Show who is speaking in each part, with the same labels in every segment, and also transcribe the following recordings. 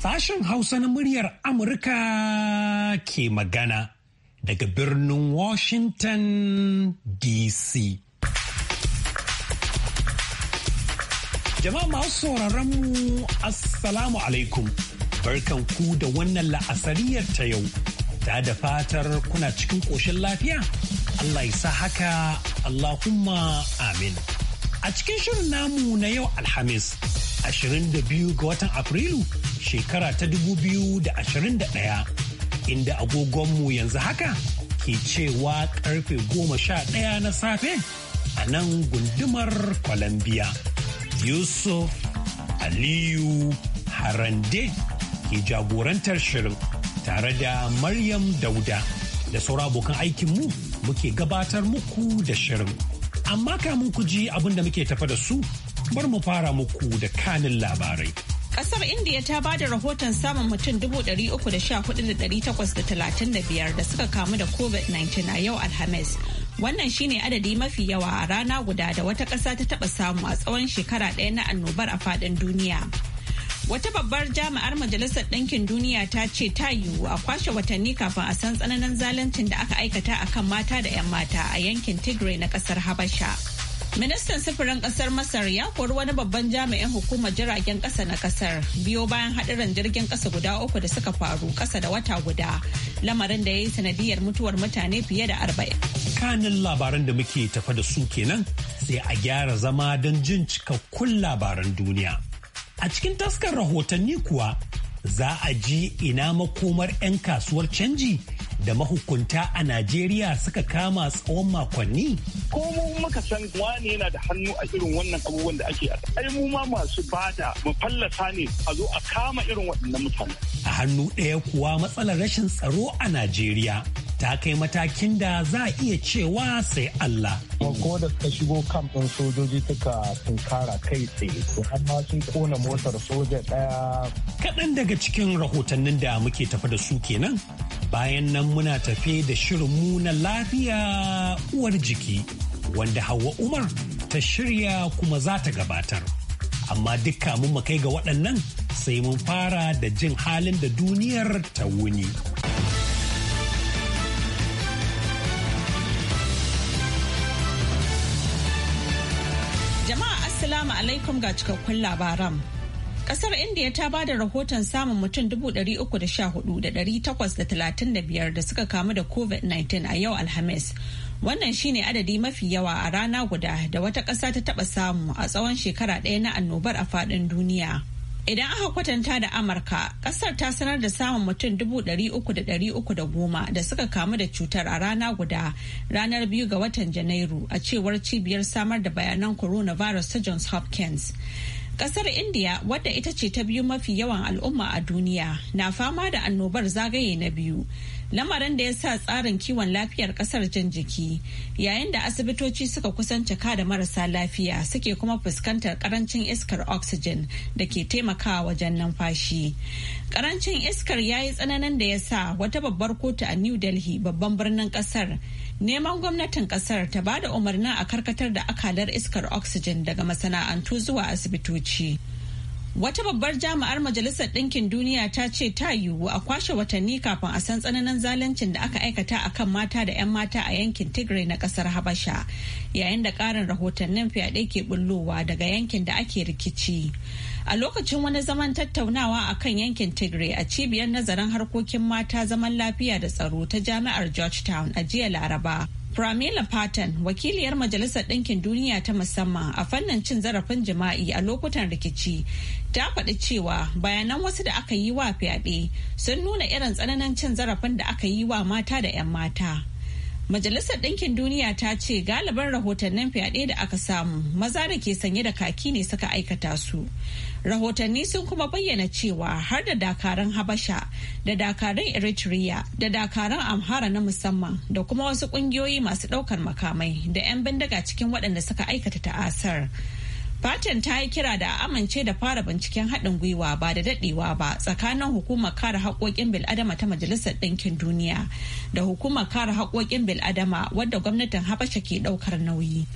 Speaker 1: Sashen Hausa na muryar Amurka ke magana daga birnin Washington DC. Jama'a masu sauraron mu Assalamu alaikum. Barkan ku da wannan la'asariyar ta yau. Ta da fatar kuna cikin ƙoshin lafiya? Allah ya sa haka Allahumma amin. A cikin shirin namu na yau Alhamis, 22 ga watan Afrilu shekara ta 2021, inda agogonmu yanzu haka ke cewa karfe 11 na safe a nan gundumar Colombia. Yusuf Aliyu Harande ke jagorantar shirin tare da Maryam Dauda da sauran abokan aikinmu. muke gabatar muku da shirin. Amma kamun ku ji abin da muke tafa da su, bar mu fara muku da kanin labarai.
Speaker 2: Kasar India ta ba da rahoton samun mutum 314,835 da suka kamu da COVID-19 a yau Alhamis. Wannan shine adadi mafi yawa a rana guda da wata ƙasa ta taɓa samu a tsawon shekara ɗaya na annobar a faɗin duniya. Wata babbar jami'ar Majalisar Ɗinkin Duniya ta ce ta yiwu a kwashe watanni kafin a san tsananin zaluncin da aka aikata a kan mata da 'yan mata a yankin Tigray na ƙasar Habasha. Ministan sufurin ƙasar Masar ya kori wani babban jami'in hukumar jiragen ƙasa na ƙasar biyo bayan haɗarin jirgin ƙasa guda uku da suka faru ƙasa da wata guda lamarin da ya yi sanadiyar mutuwar mutane fiye da arba'in.
Speaker 1: Kanin labaran da muke tafa da su kenan sai a gyara zama don jin cikakkun labaran duniya. A cikin taskar rahotanni kuwa za a ji ina makomar 'yan kasuwar canji da mahukunta a Najeriya suka kama tsawon makonni? Ko mu muka san wani yana da hannu a irin wannan abubuwan da ake ai mu ma masu bada mu fallasa ne a zo a kama irin waɗannan mutane. A hannu ɗaya kuwa matsalar rashin tsaro a Najeriya ta kai matakin da za a iya cewa sai Allah. Ko da ta shigo kamfin
Speaker 3: sojoji suka tunkara kai tsaye, amma sun kona motar soja ɗaya.
Speaker 1: Kaɗan daga cikin rahotannin da muke tafi da su kenan, bayan nan muna tafe da shirinmu na lafiya uwar jiki, wanda Hauwa Umar ta shirya kuma za ta gabatar. Amma dukka mun kai ga waɗannan sai mun fara da jin halin da duniyar ta wuni.
Speaker 2: Assalamu alaikum ga cikakkun labaran. Kasar India ta ba da rahoton samun mutum 314,835 da suka kamu da COVID-19 a yau Alhamis. Wannan shine adadi mafi yawa a rana guda da wata kasa ta taba samu a tsawon shekara ɗaya na annobar a faɗin duniya. Idan aka kwatanta da Amurka, kasar ta sanar da samun mutum dubu ɗari uku da ɗari uku da goma da suka kamu da cutar a rana guda ranar biyu ga watan Janairu a cewar cibiyar samar da bayanan coronavirus ta Johns Hopkins. Kasar India wadda ita ce ta biyu mafi yawan al'umma a duniya na fama da annobar zagaye na biyu. lamarin da ya sa tsarin kiwon lafiyar kasar jin jiki yayin da asibitoci suka kusan cika da marasa lafiya suke kuma fuskantar karancin iskar oxygen da ke taimakawa wajen numfashi karancin iskar ya yi tsananin da ya sa wata babbar kotu a new delhi babban birnin kasar neman gwamnatin kasar ta ba da umarnin a karkatar da akalar iskar oxygen daga masana'antu zuwa asibitoci Wata babbar jami'ar Majalisar Ɗinkin Duniya ta ce ta yiwu a kwashe watanni kafin a san tsananin zaluncin da aka aikata a kan mata da 'yan mata a yankin Tigray na ƙasar Habasha, yayin da ƙarin rahotannin fyaɗe ke bullowa daga yankin da ake rikici. A lokacin wani zaman tattaunawa a kan yankin Tigray a cibiyar nazarin harkokin mata zaman lafiya da tsaro ta jami'ar Georgetown a jiya Laraba. Pramila Patton, wakiliyar Majalisar Ɗinkin Duniya ta musamman a fannin cin zarafin jima'i a lokutan rikici, ta faɗi cewa bayanan wasu da aka yi wa fyaɗe sun nuna irin tsananin cin zarafin da aka yi wa mata da 'yan mata. Majalisar Ɗinkin Duniya ta ce galibin rahotannin fyaɗe da aka samu maza da ke sanye da kaki ne suka aikata su. Rahotanni sun kuma bayyana cewa har da dakarun Habasha da dakarun Eritrea da dakarun Amhara na musamman da kuma wasu ƙungiyoyi masu ɗaukar makamai da 'yan bindiga cikin waɗanda suka aikata ta'asar. Fatan ta yi kira da amince da fara binciken haɗin gwiwa ba da daɗewa ba tsakanin hukumar kare haƙoƙin bil'adama ta Majalisar Ɗinkin Duniya da hukumar kare haƙoƙin bil'adama wadda gwamnatin Habasha ke ɗaukar nauyi.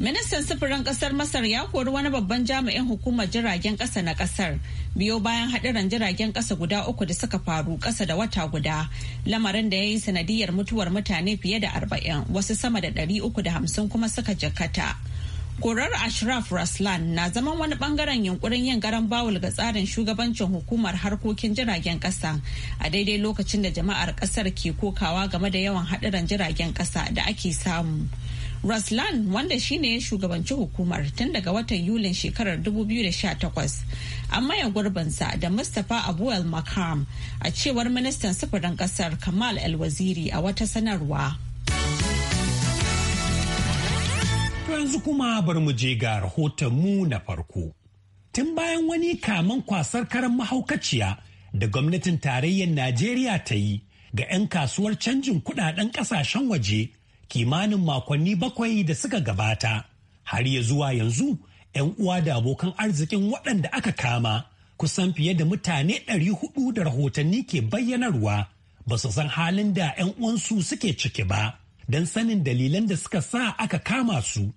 Speaker 2: Ministan sufurin ƙasar Masar ya kori wani babban jami'in hukumar jiragen ƙasa na ƙasar biyo bayan haɗiran jiragen ƙasa guda uku da suka faru ƙasa da wata guda lamarin da ya yi sanadiyar mutuwar mutane fiye da arba'in wasu sama da ɗari uku da hamsin kuma suka jikata korar ashraf raslan na zaman wani bangaren yunkurin yin garan bawul ga tsarin shugabancin hukumar harkokin jiragen kasa a daidai lokacin da jama'ar kasar ke kokawa game da yawan hadiran jiragen kasa da ake samu Raslan wanda shine ya shugabanci hukumar tun daga watan Yulin shekarar 2018 an maye gurbinsa da Mustapha Abuel Makam a cewar ministan sufurin kasar Kamal El Waziri a wata sanarwa. To yanzu kuma
Speaker 1: bar mu je ga rahotonmu na farko. Tun bayan wani kaman kwasar karan mahaukaciya da gwamnatin tarayyar Najeriya ta yi ga 'yan kasuwar canjin kudaden kasashen waje kimanin makonni bakwai da suka gabata. Har ya zuwa yanzu 'yan uwa da abokan arzikin waɗanda aka kama kusan fiye da mutane 400 da rahotanni ke bayyanarwa ba su san halin da 'yan uwansu suke ciki ba. don sanin dalilan da suka sa aka kama su.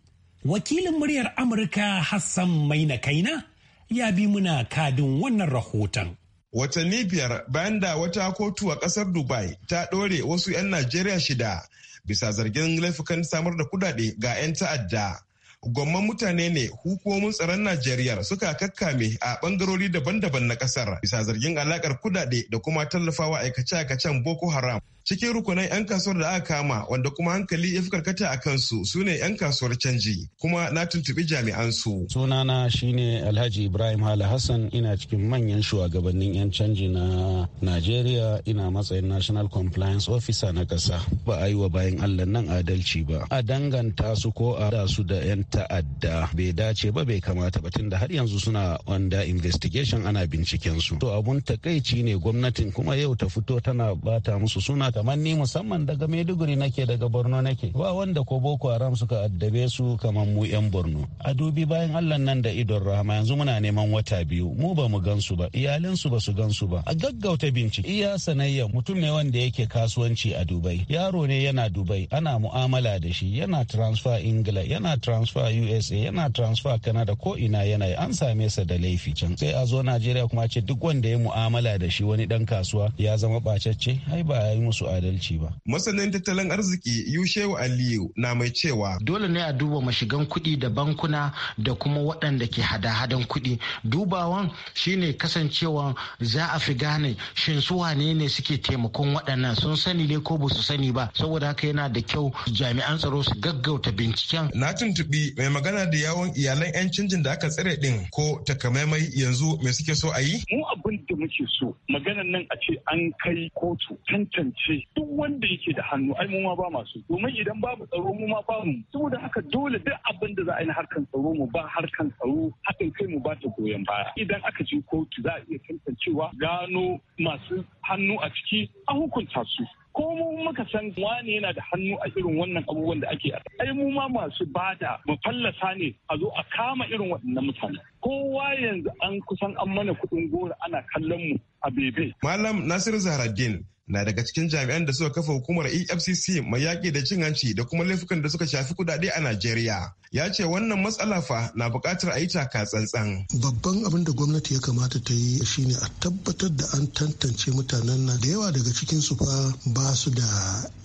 Speaker 1: Wakilin muryar Amurka Hassan na Kaina ya bi muna kadin wannan rahoton.
Speaker 3: Watanni biyar bayan da wata kotu a ƙasar Dubai ta ɗore wasu 'yan Najeriya shida bisa zargin laifukan samar da kudade ga 'yan ta'adda. Gwamman mutane ne hukumomin tsaron Najeriya suka kakkame a bangarori daban-daban na ƙasar bisa zargin alakar kudade da kuma tallafawa aikace-aikacen Boko Haram. cikin rukunan 'yan kasuwar da aka kama wanda kuma hankali ya fi karkata a kansu su ne 'yan kasuwar canji kuma na tuntuɓi jami'an su.
Speaker 4: sunana shine alhaji ibrahim hala hassan ina cikin manyan shugabannin 'yan canji na najeriya ina matsayin national compliance officer na ƙasa ba a yi wa bayan allah nan adalci ba a danganta su ko a da su da 'yan ta'adda bai dace ba bai kamata ba tunda har yanzu suna wanda investigation ana binciken su to abun takaici ne gwamnatin kuma yau ta fito tana bata musu suna kamar ni musamman daga maiduguri nake daga borno nake ba wanda ko boko haram suka addabe su kamar mu yan borno a dubi bayan allah nan da idon rahama yanzu muna neman wata biyu mu ba mu gansu ba iyalinsu ba su gansu ba a gaggauta bincike iya sanayya mutum ne wanda yake kasuwanci a dubai yaro ne yana dubai ana mu'amala da shi yana transfer ingila yana transfer usa yana transfer canada ko ina yana yi an same sa da laifi can sai a zo najeriya kuma ce duk wanda ya mu'amala da shi wani dan kasuwa ya zama bacacce ai ba ya yi musu masu adalci ba.
Speaker 3: Masanin tattalin arziki Yushewu Aliyu na mai cewa. Dole ne a duba mashigan kuɗi da bankuna da kuma waɗanda ke hada-hadan kuɗi. Dubawan shine kasancewa za a fi gane shin su wane ne suke taimakon waɗannan sun sani ne ko ba su sani ba. Saboda haka yana da kyau jami'an tsaro su gaggauta binciken. Na tuntuɓi mai magana da yawon iyalan 'yan canjin da aka tsare ɗin ko takamaimai yanzu me suke so a yi? Mu abin muke so maganan nan a ce an kai kotu tantance duk wanda yake
Speaker 5: da hannu ai mu ma ba masu domin idan babu tsaro mu ma ba mu saboda haka dole duk abin da za a yi na harkan tsaro mu ba harkan tsaro haɗin kai mu ba ta goyon
Speaker 3: baya idan aka je kotu za a iya tantancewa gano masu hannu a ciki a hukunta su
Speaker 5: ko mu muka san wani yana da hannu a irin wannan abubuwan da ake ai mu ma masu bada mu fallasa ne a zo a kama irin waɗannan mutane kowa yanzu an kusan an mana kuɗin goro
Speaker 3: ana kallon mu a bebe malam nasir zahraddin na daga cikin jami'an da suka kafa hukumar efcc mai yaƙi da cin hanci da kuma laifukan da suka shafi kudade a najeriya ya ce wannan matsala fa na buƙatar a yi taka tsantsan babban abin da gwamnati ya kamata ta yi shine a tabbatar da an tantance mutanen nan da yawa daga cikin su fa ba su da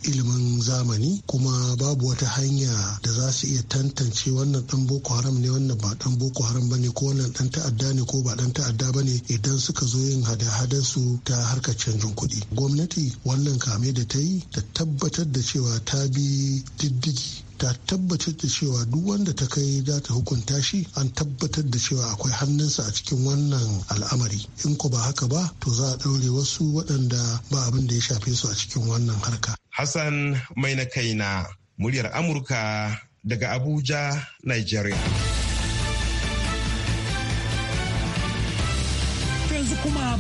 Speaker 3: ilimin zamani kuma babu wata hanya da za su iya tantance wannan dan boko haram ne wannan ba dan boko haram bane ko wannan dan ta'adda ne ko ba dan ta'adda bane idan suka zo yin hada hadar su ta harkar canjin kuɗi gwamnati gwamnati wannan kame da ta yi ta tabbatar da cewa ta bi diddigi ta tabbatar da cewa duk wanda ta kai za ta hukunta shi an tabbatar da cewa akwai hannunsa a cikin wannan al'amari in ko ba haka ba to za a ɗaure wasu waɗanda ba abin da ya shafe su a cikin wannan harka. Hassan mai na kai na muryar Amurka daga Abuja, Nigeria.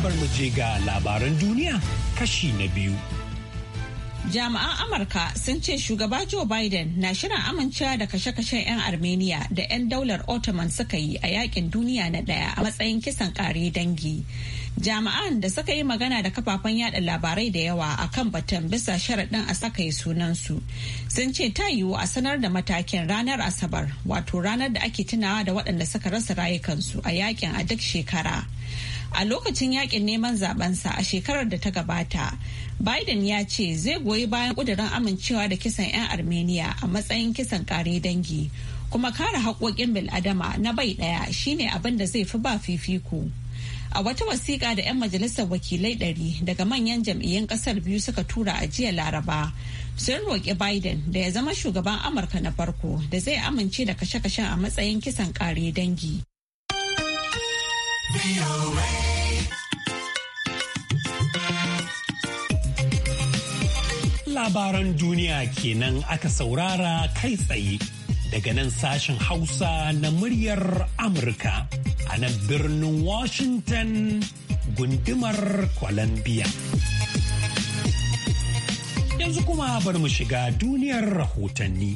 Speaker 1: bar mu ga labaran duniya kashi na biyu.
Speaker 2: Jami'an Amurka sun ce shugaba Joe Biden na shirin amincewa da kashe-kashen 'yan Armenia da 'yan daular Ottoman suka yi a yakin duniya na daya a matsayin kisan kare dangi. Jami'an da suka yi magana da kafafen yada labarai da yawa a kan batun bisa sharaɗin a saka sunansu sun ce ta yiwu a sanar da matakin ranar Asabar wato ranar da ake tunawa da waɗanda suka rasa rayukansu a yakin a duk shekara. a lokacin yakin neman zabensa a shekarar da ta gabata biden ya ce zai goyi bayan kudirin amincewa da kisan 'yan armenia a matsayin kisan kare dangi kuma kare haƙoƙin adama na bai ɗaya shine abin da zai fi ba fifiko a wata wasiƙa da 'yan majalisar wakilai ɗari daga manyan jam'iyyun ƙasar biyu suka tura a jiya laraba sun roƙi biden da ya zama shugaban amurka na farko da zai amince da kashe-kashen a matsayin kisan ƙare dangi.
Speaker 1: labaran duniya kenan aka saurara kai tsaye daga nan sashen Hausa na muryar Amurka a nan birnin Washington gundumar Columbia. Yanzu kuma bar mu shiga duniyar rahotanni.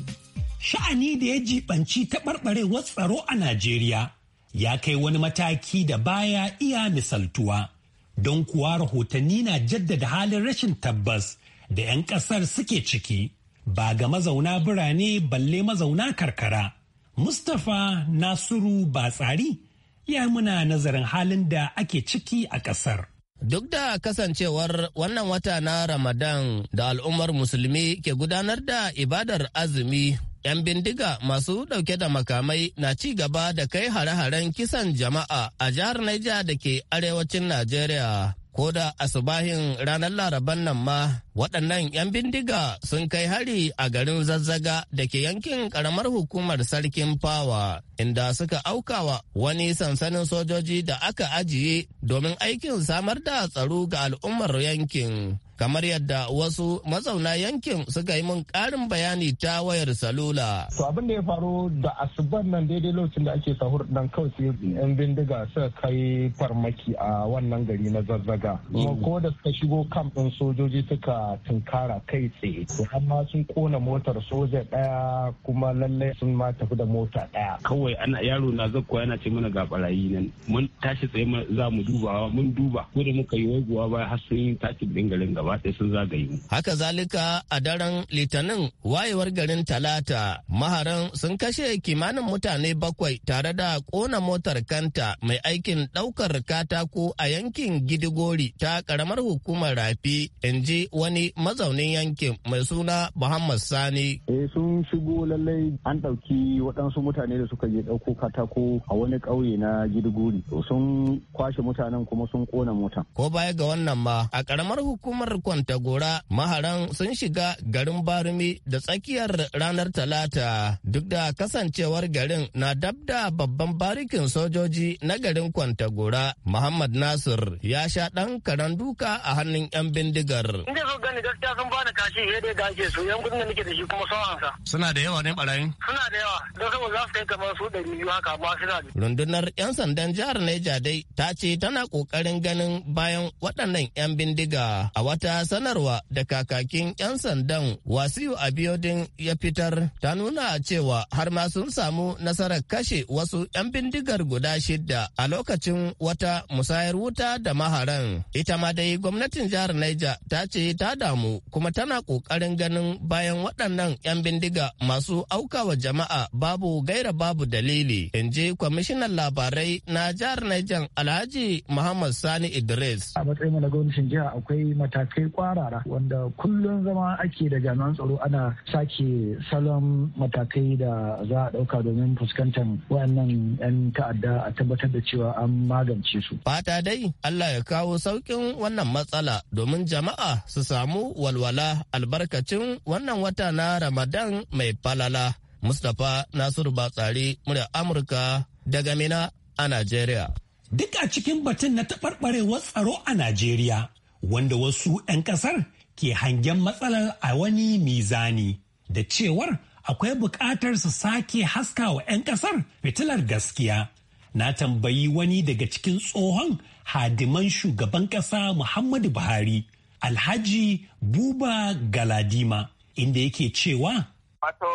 Speaker 1: Sha'ani da ya jibanci taɓarɓarewar tsaro a Najeriya ya kai wani mataki da baya iya misaltuwa. Don kuwa rahotanni na jaddada halin rashin tabbas da 'yan kasar suke ciki ba ga mazauna birane balle mazauna karkara. Mustapha Nasiru Batsari ya muna nazarin halin da ake ciki a kasar. Duk da kasancewar wannan wata na Ramadan da al'ummar
Speaker 6: musulmi ke gudanar da ibadar azumi 'yan bindiga masu dauke da makamai na ci gaba da kai hare-haren kisan jama'a a jihar Niger da ke arewacin Najeriya. ko da asubahin ranar laraban nan ma waɗannan 'yan bindiga sun kai hari a garin zazzaga da ke yankin ƙaramar hukumar sarkin fawa inda suka aukawa wani sansanin sojoji da aka ajiye domin aikin samar da tsaro ga al'ummar yankin kamar yadda wasu mazauna yankin suka yi min karin bayani ta wayar salula.
Speaker 3: To abin da ya faru da asubar nan daidai lokacin da ake sahur dan kawai sai yan bindiga suka kai farmaki a wannan gari na zazzaga. Kuma mm. ko da suka shigo kamp ɗin sojoji suka tunkara kai tsaye. To amma sun kona motar soja ɗaya kuma lallai sun ma tafi da mota ɗaya. Kawai ana yaro na zakko yana ce mana ga barayi nan. Mun tashi tsaye za mu dubawa mun duba. Ko da muka yi waiguwa ba har sun yi tashi dingalin gaba. gaba ɗaya sun zagaye mu. Haka
Speaker 6: zalika a daren litanin. wayewar garin talata maharan sun kashe kimanin mutane bakwai tare da ƙona motar kanta mai aikin ɗaukar katako a yankin gidigori ta ƙaramar hukumar rafi in ji wani mazaunin yankin mai suna Muhammad Sani. Eh sun shigo lallai an ɗauki waɗansu mutane da suka
Speaker 5: je ɗauko katako a wani ƙauye na gidigori sun kwashe mutanen kuma sun kona.
Speaker 6: mota. Ko baya ga wannan ma a ƙaramar hukumar jihar Kwantagora maharan sun shiga garin Barumi da tsakiyar ranar Talata duk da kasancewar garin na dab da babban barikin sojoji na garin Kwantagora Muhammad Nasir ya sha dan karan duka a hannun 'yan bindigar.
Speaker 5: Inda zo gani gaskiya sun bani kashi ya dai
Speaker 6: su yan gudun da nake da shi kuma sun Suna da yawa ne barayin? Suna da yawa don saboda za su kai kamar su
Speaker 4: da biyu haka ba
Speaker 6: suna Rundunar 'yan sandan jihar Neja dai ta ce tana ƙoƙarin ganin bayan waɗannan 'yan bindiga a wata ya sanarwa da kakakin 'yan sandan wasiyu biyodin ya fitar ta nuna cewa har ma sun samu nasarar kashe wasu 'yan bindigar guda shidda a lokacin wata musayar wuta da maharan ita ma dai gwamnatin jihar niger ta ce ta damu kuma tana kokarin ganin bayan waɗannan 'yan bindiga masu aukawa jama'a babu gaira babu dalili in ji kwamishinan labarai na jihar niger alhaji muhammad sani idris
Speaker 5: a matsayin na gwamnatin akwai matakai kai kwarara wanda kullum zama ake da jami'an tsaro ana sake salon matakai da za a ɗauka domin fuskantar wayannan 'yan ta'adda a tabbatar da cewa an magance su.
Speaker 6: Fata dai Allah ya kawo saukin wannan matsala domin jama'a su samu walwala albarkacin wannan wata na Ramadan mai falala. Mustapha Nasiru Batsari murya Amurka daga Mina a Najeriya.
Speaker 1: Duk a cikin batun na taɓarɓarewar tsaro a Najeriya, wanda wasu 'yan ƙasar ke hangen matsalar a wani mizani da cewar akwai buƙatar su sake haska wa 'yan ƙasar fitilar gaskiya. Na tambayi wani daga cikin tsohon hadiman shugaban ƙasa Muhammadu Buhari, Alhaji Buba Galadima, inda yake cewa.
Speaker 5: Wato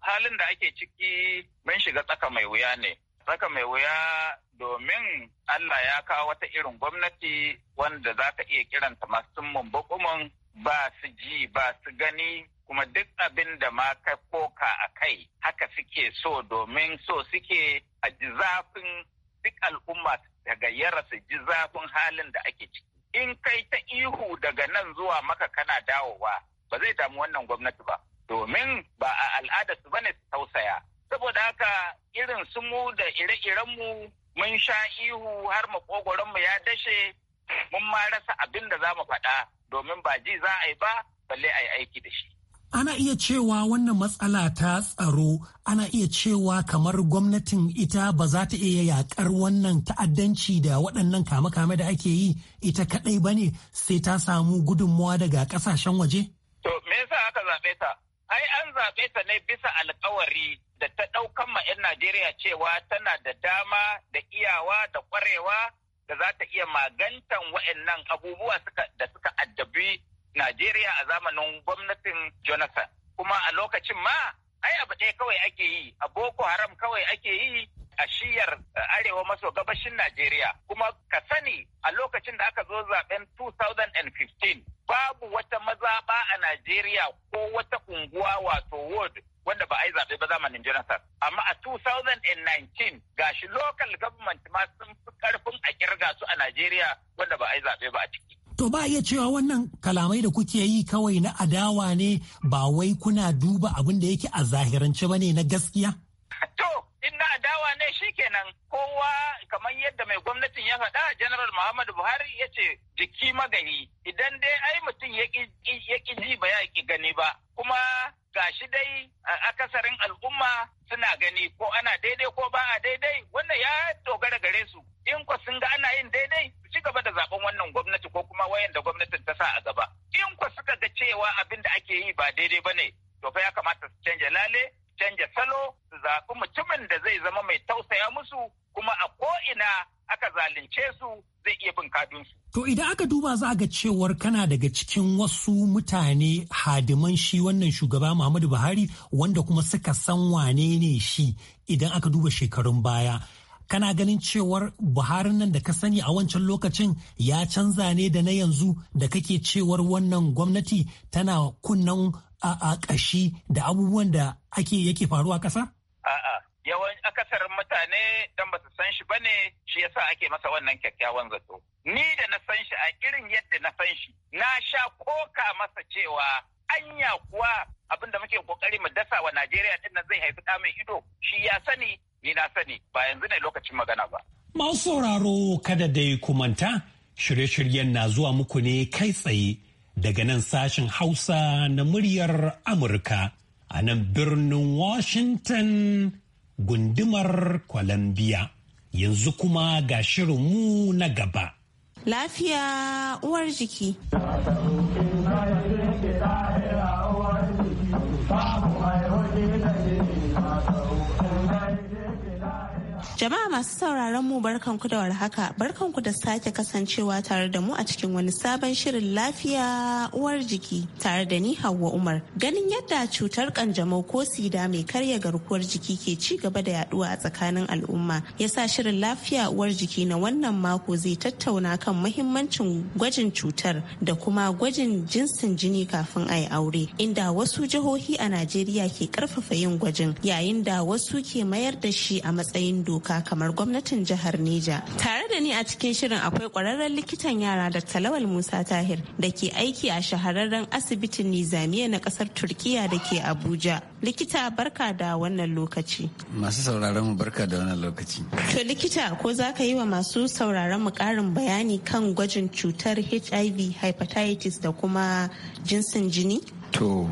Speaker 5: halin da ake ciki mun shiga tsaka mai wuya ne. Tsaka mai wuya domin Allah ya kawo wata irin gwamnati wanda za ta iya kiranta masu mumbukumin ba su ji ba su gani kuma duk abin da ma ka koka a kai haka suke so domin so suke a ji zafin duk al'umma ta gayyara su ji zafin halin da ake ciki. In kai ta ihu daga nan zuwa maka kana dawowa ba zai damu wannan gwamnati ba domin ba a al'adarsu ba ne su tausaya. Saboda haka irin su mu da ire iren mu. mun sha ihu har makogoronmu ya dashe mun ma rasa abin da za mu faɗa domin ba ji za a yi ba balle a yi aiki da shi.
Speaker 1: Ana iya cewa wannan matsala ta tsaro ana iya cewa kamar gwamnatin ita ba za ta iya yakar wannan ta'addanci da waɗannan kame-kame da ake yi ita kaɗai ba ne sai ta samu gudunmawa daga ƙasashen waje? To, me
Speaker 5: yasa aka zaɓe ta? Ai, an zaɓe ta ne bisa alkawari da ta ɗaukan ma 'yan Najeriya cewa tana da dama da iyawa da ƙwarewa da za ta iya magantan wa'annan abubuwa da suka addabi Najeriya a zamanin gwamnatin Jonathan. Kuma a lokacin ma, ai abu ɗaya kawai ake yi, a Boko Haram kawai ake yi, a shiyar arewa maso gabashin Najeriya. Kuma ka sani a lokacin da aka zo zaben 2015 babu wata mazaɓa a Najeriya ko wata unguwa wato ward wanda ba a yi zaɓe ba zamanin Jonathan. Amma a 2019 gashi local government ma sun fi karfin a kirga su a Najeriya wanda ba a yi zaɓe ba a ciki.
Speaker 1: To ba iya cewa wannan kalamai da kuke yi kawai na adawa ne ba wai kuna duba abin da yake a zahirance ba ne na gaskiya? To,
Speaker 5: in na adawa ne shikenan kowa kamar yadda mai gwamnatin ya faɗa general muhammadu buhari ya ce jiki magani idan dai ai mutum ya ƙi ji ba ya ƙi gani ba kuma gashi dai akasarin al'umma suna gani ko ana daidai ko ba a daidai wannan ya dogara gare su
Speaker 1: duba za ga cewar kana daga cikin wasu mutane hadiman shi wannan shugaba Muhammadu Buhari wanda kuma suka san wane ne shi idan aka duba shekarun baya. Kana ganin cewar Buhari nan da ka sani a wancan lokacin ya canza ne da na yanzu da kake cewar wannan gwamnati tana kunnan a ƙashi da abubuwan da ake yake faruwa ƙasa? A'a,
Speaker 5: yawan akasar mutane don ba su san shi ba ne shi yasa ake masa wannan kyakkyawan zato. ni da na san shi a irin yadda na san shi na sha koka masa cewa anya kuwa abinda muke kokari mu dasa wa Najeriya din nan zai haifi da mai ido shi ya sani ni na
Speaker 4: sani ba yanzu ne lokacin
Speaker 1: magana ba masu sauraro kada dai kumanta shirye-shiryen na zuwa muku ne kai tsaye daga nan sashen Hausa na muryar Amurka a nan birnin Washington gundumar Columbia yanzu kuma ga shirinmu na gaba
Speaker 7: Lafiya uwar jiki. Jama'a masu sauraron mu barkanku da warhaka, barkanku da sake kasancewa tare da mu a cikin wani sabon shirin lafiya uwar jiki tare da ni Hauwa Umar. Ganin yadda cutar kanjamau ko sida mai karya garkuwar jiki ke ci gaba da yaduwa a tsakanin al'umma, yasa shirin lafiya uwar jiki na wannan mako zai tattauna kan muhimmancin gwajin cutar da kuma gwajin jinsin jini kafin a yi aure, inda wasu jihohi a Najeriya ke karfafa yin gwajin, yayin da wasu ke mayar da shi a matsayin doka. kamar gwamnatin jihar Neja. Tare da ni a cikin shirin akwai ƙwararren likitan yara da Talawal Musa Tahir da ke aiki a shahararren asibitin Nizamiya na ƙasar Turkiya da ke Abuja. Likita barka da wannan lokaci.
Speaker 8: Masu sauraron mu barka da wannan lokaci.
Speaker 7: To likita ko za ka yi wa masu sauraron mu ƙarin bayani kan gwajin cutar HIV, hepatitis da kuma jinsin jini? To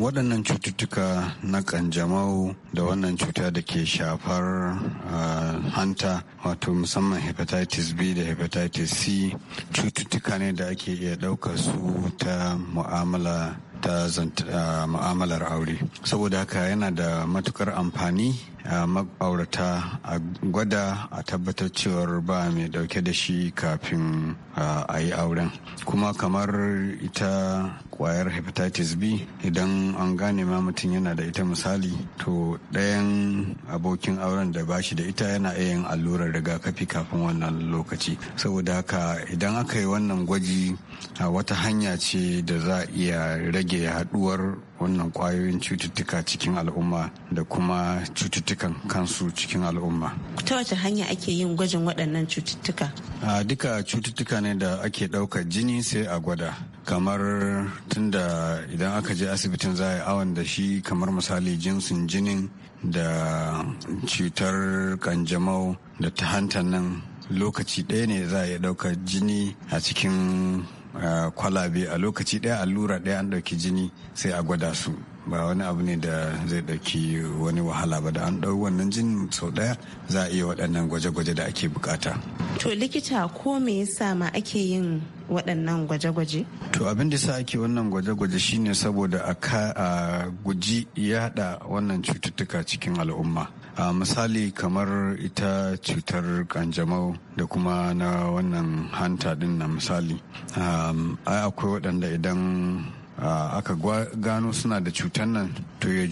Speaker 8: waɗannan cututtuka na ƙanjamau da wannan cuta da ke shafar ah, hanta wato musamman hepatitis B da hepatitis C cututtuka ne da ake iya ɗauka su ta mu'amala ta ah, mu'amalar aure saboda haka yana da matukar amfani a ma'aurata a gwada a tabbatar cewar ba mai dauke da shi kafin a yi auren kuma kamar ita kwayar hepatitis b idan an gane ma mutum yana da ita misali to ɗayan abokin auren da bashi da ita yana iya yin allurar rigakafi kafin wannan lokaci saboda haka idan aka yi wannan gwaji a wata hanya ce da za a iya rage haduwar wannan kwayoyin cututtuka cikin al'umma da kuma cututtukan kansu cikin al'umma.
Speaker 7: Ta wace hanya ake yin gwajin waɗannan cututtuka?
Speaker 8: a Duka cututtuka ne da ake ɗauka jini sai a gwada. kamar tunda idan aka je asibitin za a yi awon da shi kamar misali jinsin jinin da cutar kanjamau da ta hantar nan lokaci ɗaya ne za a iya ɗaukar jini a cikin Ah, kwalabe a lokaci ɗaya allura ɗaya an ɗauki jini sai a gwada su ba wani abu ne da zai ɗauki wani wahala ba da an ɗau wannan jin sau ɗaya za a iya waɗannan gwaje-gwaje da ake bukata.
Speaker 7: To likita ko me yasa ma ake yin waɗannan gwaje-gwaje?
Speaker 8: To abin da sa ake wannan gwaje-gwaje shine saboda a guji yada wannan cututtuka cikin al'umma. a misali kamar ita cutar kanjamau da kuma na wannan hanta din na misali akwai waɗanda idan aka gano suna da cutar nan to ya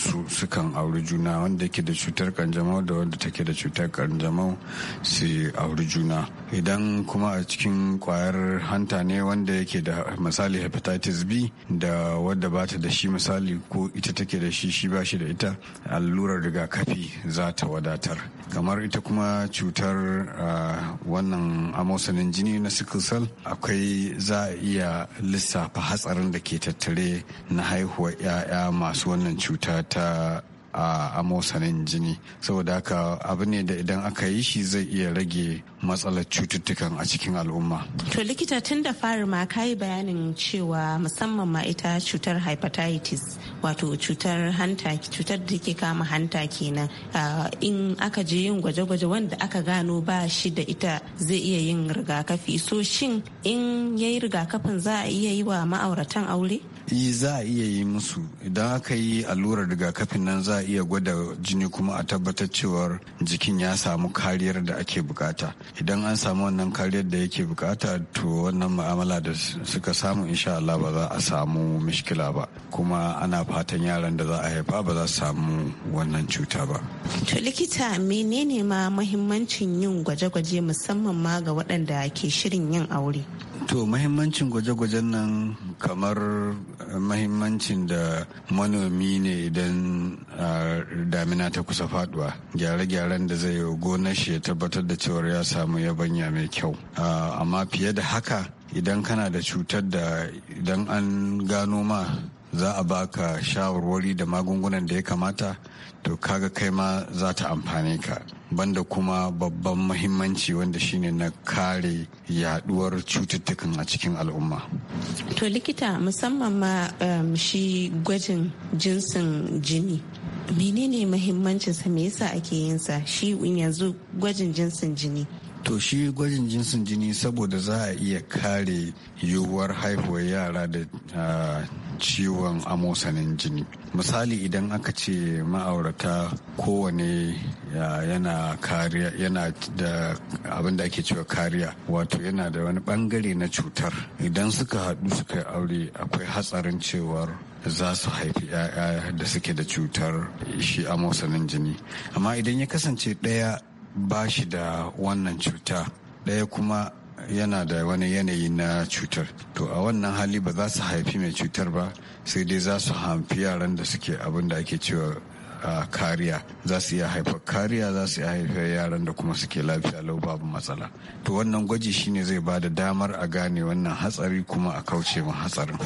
Speaker 8: su sukan auri juna wanda ke da cutar kanjamau da wanda take da cutar kanjamau su auri juna idan kuma a cikin kwayar hanta ne wanda yake da misali hepatitis b da wadda ba ta da shi misali ko ita take da shi shi ba shi da ita allurar rigakafi za ta wadatar kamar ita kuma cutar wannan amosanin jini na sickle cell akwai za a iya lissafa hatsarin da ke tattare na haihuwa 'ya'ya masu wannan cuta ta a amosanin jini saboda haka abu ne da idan aka yi shi zai iya rage matsalar cututtukan a cikin al'umma
Speaker 7: to likita tun da fari ma ka yi bayanin cewa musamman ma ita cutar hepatitis wato cutar hanta cutar da ke kama hanta kenan in aka je yin gwaje-gwaje wanda aka gano ba shi da ita zai iya yin rigakafi so shin in ya yi rigakafin za a iya yi wa ma'auratan aure
Speaker 8: E, za a iya yi musu idan aka yi allurar rigakafin nan za a iya gwada jini kuma a tabbatar cewar jikin ya samu kariyar da ake bukata idan an samu wannan kariyar da yake bukata to wannan mu'amala da suka samu insha Allah ba za a samu mishkila ba kuma ana fatan yaran da za a haifa ba za su samu wannan cuta ba
Speaker 7: to likita menene ma muhimmancin yin gwaje-gwaje musamman ma ga waɗanda ke shirin yin aure
Speaker 8: to muhimmancin gwaje-gwajen nan kamar mahimmancin da manomi ne idan damina ta kusa faduwa gyare-gyaren da zai yi gonar shi ya tabbatar da cewar ya samu yabanya mai kyau amma fiye da haka idan kana da cutar da idan an gano ma za a baka shawarwari da magungunan da ya kamata to kaga kai ma za ta amfane ka banda kuma babban mahimmanci wanda shine na kare yaduwar cututtukan a cikin al'umma
Speaker 7: to likita musamman ma um, shi gwajin jinsin jini menene mahimmancinsa me yasa ake yin sa shi yanzu gwajin jinsin jini
Speaker 8: To shi gwajin jinsin jini saboda za a iya kare yiwuwar haihuwar yara da ah, ciwon amosanin jini. Misali idan aka ce ma'aurata kowane yana kariya yana da abin da ake cewa kariya wato yana da wani bangare na cutar idan suka haɗu suka yi aure akwai hatsarin cewar za su haifi 'ya'ya da suke da cutar shi amosanin jini amma idan ya kasance ɗaya ba shi da wannan cuta ɗaya kuma yana da wani yanayi na cutar to a wannan hali ba za su haifi mai cutar ba sai dai za su haifi yaran da suke abin da ake cewa kariya za su iya haifar kariya za su iya haifar yaran da kuma suke lafiya lau babu matsala to wannan gwaji shine zai ba da damar a gane wannan hatsari kuma a kauce ma hatsarin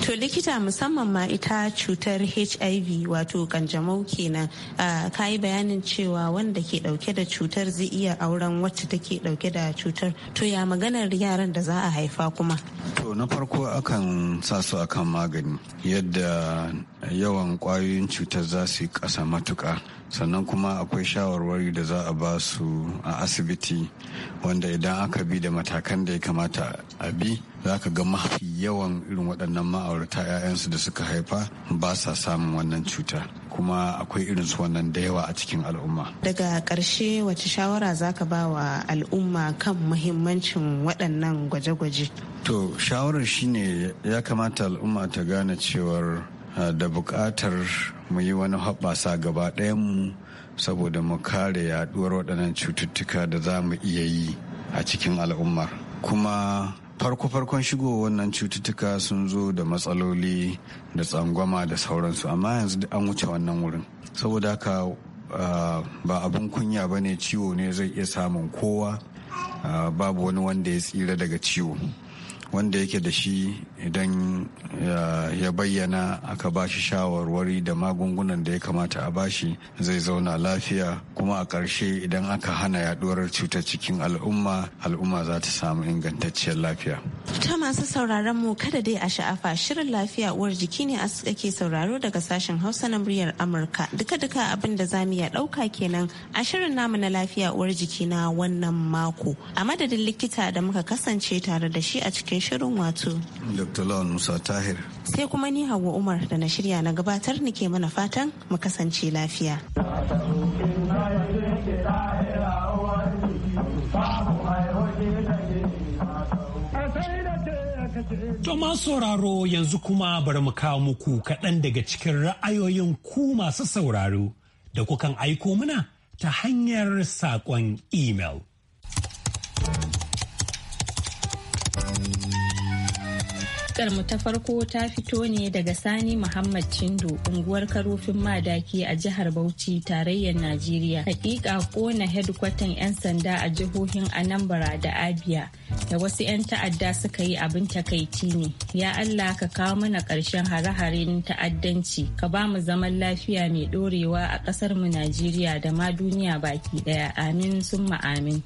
Speaker 7: to likita musamman ma ita cutar hiv wato kanjamau kenan ka yi bayanin cewa wanda ke dauke da cutar zai iya auren wacce take dauke da cutar to ya maganar yaran da za a haifa kuma
Speaker 8: to na farko akan sa su akan magani yadda yawan kwayoyin cutar za su yi bunƙasa matuka sannan kuma akwai shawarwari da za a ba su a asibiti wanda idan aka bi da matakan da ya kamata a bi za ka ga mafi yawan irin waɗannan ma'aurata 'ya'yansu da suka haifa ba sa samun wannan cuta kuma akwai irin su wannan da yawa a cikin al'umma
Speaker 7: daga ƙarshe wace shawara za ka ba wa al'umma kan muhimmancin waɗannan gwaje-gwaje
Speaker 8: to shawarar shine ya kamata al'umma ta gane cewar da buƙatar mu yi wani haɓasa gaba mu saboda mu kare yaɗuwar waɗannan cututtuka da za mu iya yi a cikin al'ummar kuma farko-farkon shigo wannan cututtuka sun zo da matsaloli da tsangwama da sauransu amma yanzu an wuce wannan wurin saboda haka ba abin kunya ba ne ciwo ne zai iya samun kowa babu wani wanda ya tsira daga ciwo wanda yake da shi idan ya bayyana aka ba shi shawarwari da magungunan da ya kamata a bashi zai zauna lafiya kuma a ƙarshe idan aka hana yaduwar cutar cikin al'umma al'umma za ta samu ingantacciyar lafiya.
Speaker 7: ta masu sauraron mu kada dai a sha'afa shirin lafiya uwar jiki ne ake sauraro daga sashen hausa na muryar amurka duka-duka abin da zamu iya ɗauka kenan a shirin namu na lafiya uwar jiki na wannan mako a madadin likita da muka kasance tare da shi a cikin shirin wato.
Speaker 8: dr lawan musa tahir.
Speaker 7: sai kuma ni hawa umar da na shirya na gabatar nike mana fatan mu kasance lafiya.
Speaker 1: To sauraro yanzu kuma bari mu kawo muku kaɗan daga cikin ra'ayoyin ku masu sauraro da kukan aiko mana ta hanyar saƙon email.
Speaker 9: Waƙar mu ta farko ta fito ne daga Sani Muhammad Chindo, unguwar Karofin Madaki a jihar Bauchi, tarayyar Najeriya. Hakika kona hedkwatan 'yan sanda a jihohin Anambra da Abia da wasu 'yan ta'adda suka yi abin takaici ne. Ya Allah ka kawo mana karshen hare-haren ta'addanci, ka ba mu zaman lafiya mai dorewa a kasar mu Najeriya da ma duniya baki ɗaya. Amin ma amin.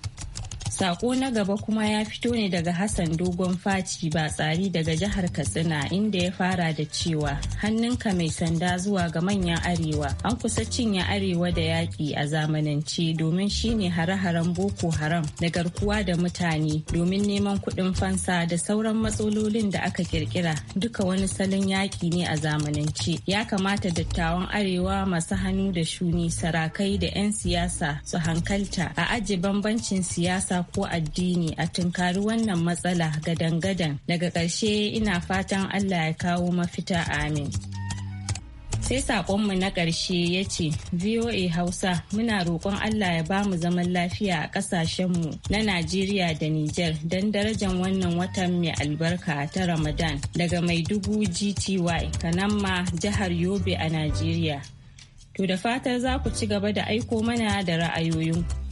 Speaker 9: Sako na gaba kuma ya fito ne daga Hassan Dogon Faci ba tsari daga jihar Katsina inda ya fara da cewa hannunka mai sanda zuwa ga manyan arewa an kusa cinye arewa da yaƙi a zamanance domin shine hare-haren Boko Haram da garkuwa da mutane domin neman kuɗin fansa da sauran matsalolin da aka kirkira duka wani salon yaƙi ne a zamanance. Ya kamata dattawan arewa masu hannu da shuni sarakai da 'yan siyasa su hankalta a aji bambancin siyasa ko addini a tunkari wannan matsala gadan-gadan daga ƙarshe ina fatan allah ya kawo mafita amin sai saƙonmu na ƙarshe ya ce voa hausa muna roƙon allah ya ba mu zaman lafiya a ƙasashenmu na najeriya da nijar don darajan wannan watan mai albarka ta ramadan daga maiduguri gty kanamma jihar yobe a najeriya to da fatar za ku ci gaba da aiko mana da ra'ayoyinku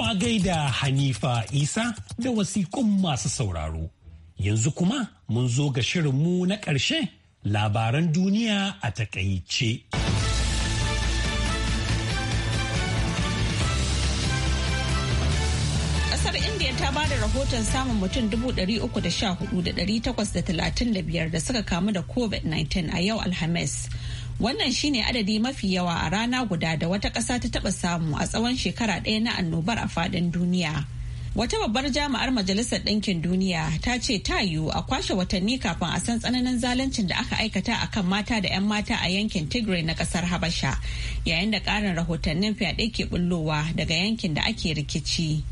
Speaker 1: To a gaida Hanifa Isa da wasiƙun masu sauraro. Yanzu kuma mun zo ga shirinmu na ƙarshe labaran duniya a takaice.
Speaker 2: Ƙasar India ta ba da rahoton samun mutum 314,835 da suka kamu da COVID-19 a yau Alhamis. Wannan shine adadi mafi yawa a rana guda da wata ƙasa ta taɓa samu a tsawon shekara ɗaya na annobar a faɗin duniya. Wata babbar jami'ar Majalisar Ɗinkin Duniya ta ce ta yiwu a kwashe watanni kafin a san tsananin zaluncin da aka aikata a kan mata da 'yan mata a yankin Tigray na ƙasar Habasha, yayin da ƙarin rahotannin fyaɗe ke bullowa daga yankin da ake rikici.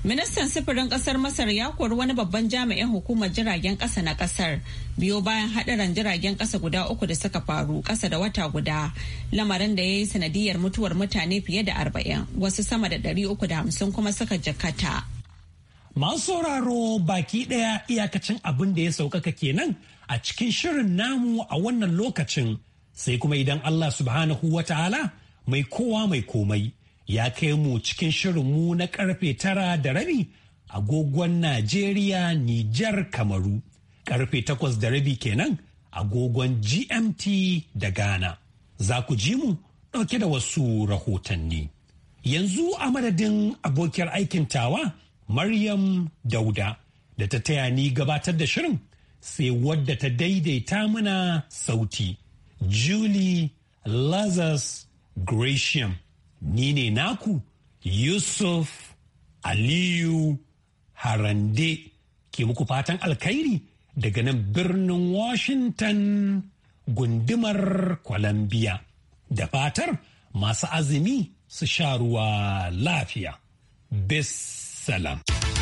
Speaker 2: Ministan sufurin kasar Masar ya kori wani babban jami'in hukumar jiragen kasa na kasar biyo bayan hadarin jiragen kasa guda uku da suka faru kasa da wata guda lamarin da ya yi sanadiyar mutuwar mutane fiye da arba'in wasu sama da ɗari uku da hamsin kuma suka jakata.
Speaker 1: Masu sauraro baki ɗaya iyakacin abin da ya saukaka kenan a cikin shirin namu a wannan lokacin sai kuma idan Allah subhanahu wa ta'ala mai kowa mai komai ya kai mu cikin shirin mu na karfe tara da rabi agogon Najeriya, Nijar, Kamaru. Karfe takwas da rabi kenan agogon GMT da Ghana. Za ku ji mu ɗauke da wasu rahotanni. Yanzu a madadin abokiyar aikin tawa Maryam Dauda da ta taya ni gabatar da shirin sai wadda ta daidaita mana sauti. Julie Lazarus Gratiam. ni ne naku Yusuf Aliyu Harande ke muku fatan alkhairi daga nan birnin Washington gundumar Columbia da fatar masu azumi su sha ruwa lafiya. Bis salam.